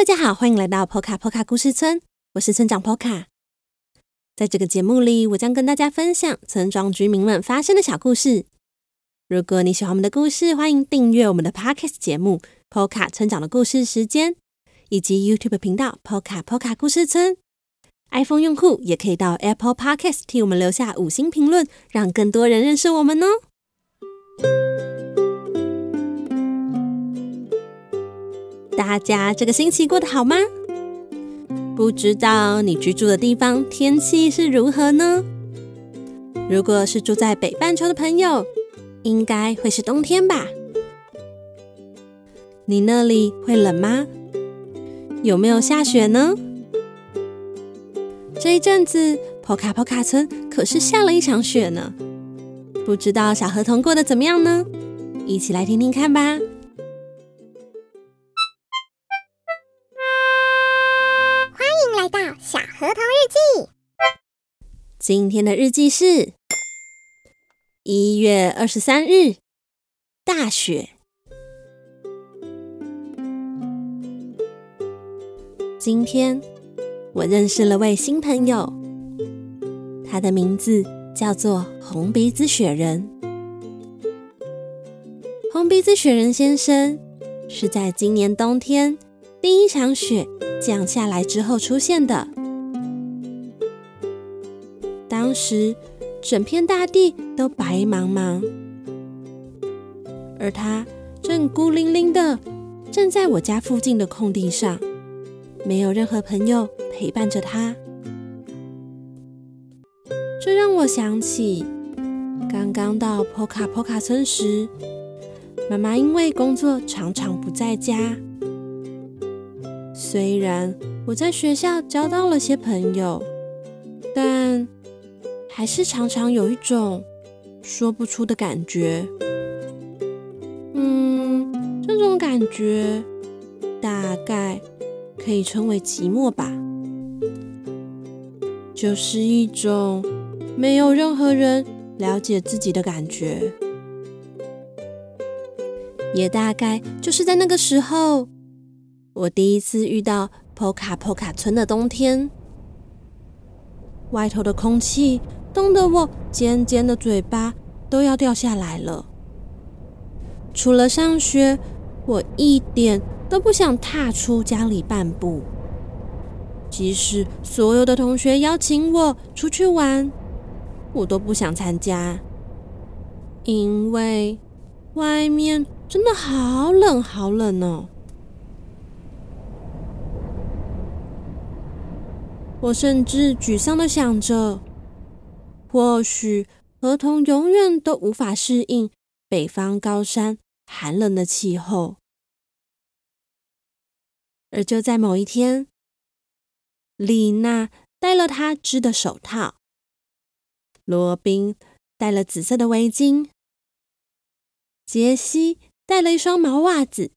大家好，歡迎來到 Poca Poca 故事村，我是村長 Poca。在這個節目裡，我將跟大家分享村莊居民們發生的小故事。如果你喜歡我們的故事，歡迎訂閱我們的 Podcast 節目 Poca 村長的故事時間，以及 YouTube 頻道 Poca Poca 故事村。iPhone 用戶也可以到 Apple Podcast 替我們留下五星評論，讓更多人認識我們哦。大家這個星期過得好嗎？不知道你居住的地方天氣是如何呢？如果是住在北半球的朋友，應該會是冬天吧？你那裡會冷嗎？有沒有下雪呢？這一陣子，波卡波卡村可是下了一場雪呢。不知道小河童過得怎麼樣呢？一起來聽聽看吧。今天的日記是一月二十三日，大雪。今天我認識了位新朋友，他的名字叫做紅鼻子雪人。紅鼻子雪人先生是在今年冬天第一場雪降下來之後出現的。時，整片大地都白茫茫，而他正孤零零的站在我家附近的空地上，沒有任何朋友陪伴着他。這讓我想起剛剛到波卡波卡村時，媽媽因為工作常常不在家。雖然我在學校交到了些朋友，但……還是常常有一種說不出的感覺，嗯，這種感覺大概可以稱為寂寞吧，就是一種沒有任何人了解自己的感覺，也大概就是在那個時候，我第一次遇到波卡波卡村的冬天，外頭的空氣。凍得我尖尖的嘴巴都要掉下來了。除了上學，我一點都不想踏出家裡半步。即使所有的同學邀請我出去玩，我都不想參加，因為外面真的好冷好冷哦。我甚至沮喪地想着。或許河童永遠都無法適應北方高山寒冷的氣候，而就在某一天，麗娜戴了她織的手套，羅賓戴了紫色的圍巾，杰西戴了一雙毛襪子，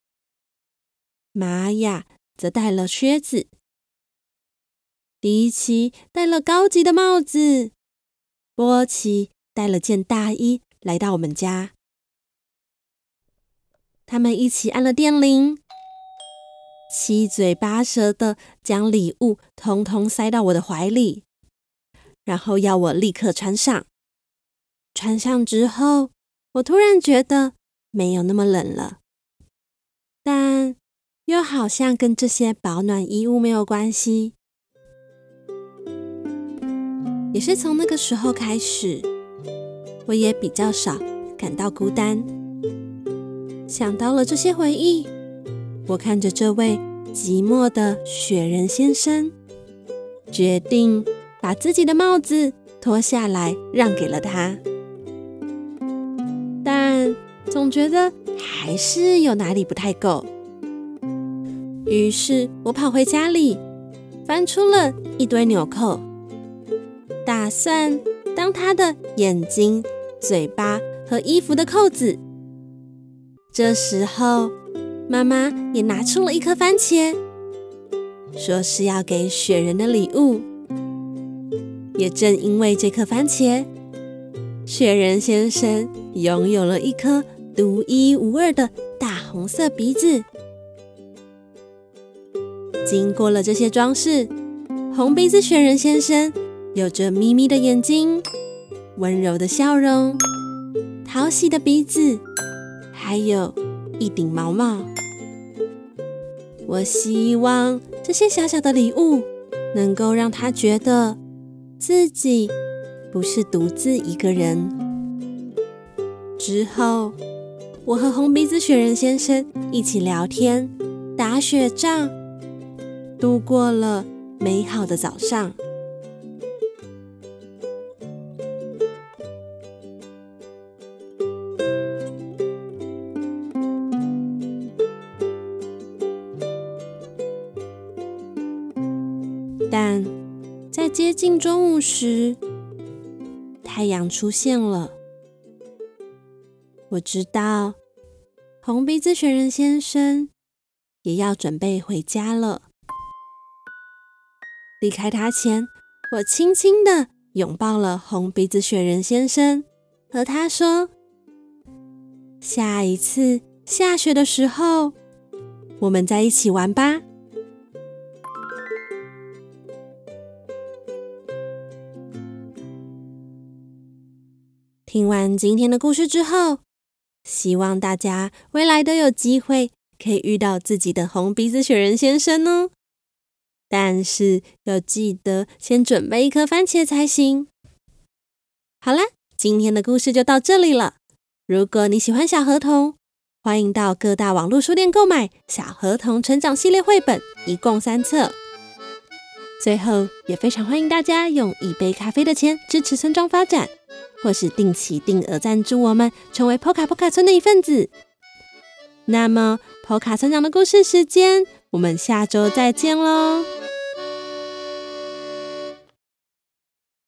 瑪雅則戴了靴子，迪奇戴了高級的帽子。波奇帶了件大衣來到我們家，他們一起按了電鈴，七嘴八舌的將禮物通通塞到我的懷裡，然後要我立刻穿上。穿上之後，我突然覺得沒有那麼冷了，但又好像跟這些保暖衣物沒有關係。也是從那個時候開始，我也比較少感到孤單。想到了這些回憶，我看着這位寂寞的雪人先生，決定把自己的帽子脫下來讓給了他。但總覺得還是有哪裡不太夠，於是我跑回家裡，翻出了一堆紐扣。打算當他的眼睛、嘴巴和衣服的扣子。這時候，媽媽也拿出了一顆番茄，說是要給雪人的禮物。也正因為這顆番茄，雪人先生擁有了一顆獨一無二的大紅色鼻子。經過了這些裝飾，紅鼻子雪人先生。有着瞇瞇的眼睛，溫柔的笑容，淘氣的鼻子，還有一頂毛帽。我希望這些小小的禮物能夠讓他覺得自己不是獨自一個人。之後，我和紅鼻子雪人先生一起聊天、打雪仗，度過了美好的早上。但在接近中午時，太陽出現了。我知道紅鼻子雪人先生也要準備回家了。離開他前，我輕輕的擁抱了紅鼻子雪人先生，和他說：“下一次下雪的時候，我們再一起玩吧。”聽完今天的故事之後，希望大家未來都有機會可以遇到自己的紅鼻子雪人先生哦。但是要記得先準備一顆番茄才行。好啦，今天的故事就到這裡了。如果你喜歡小河童，歡迎到各大網絡書店購買《小河童成長系列》繪本，一共三冊。最後，也非常歡迎大家用一杯咖啡的錢支持村莊發展。或是定期定額贊助我們，成為 Pocapoca 村的一份子。那麼，Poca 村長的故事時間，我們下週再見嘍！